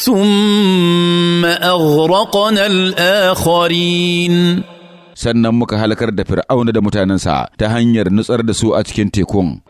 ثم أغرقنا الآخرين sannan muka halakar da fir'auna da mutanensa ta hanyar nutsar da su a cikin tekun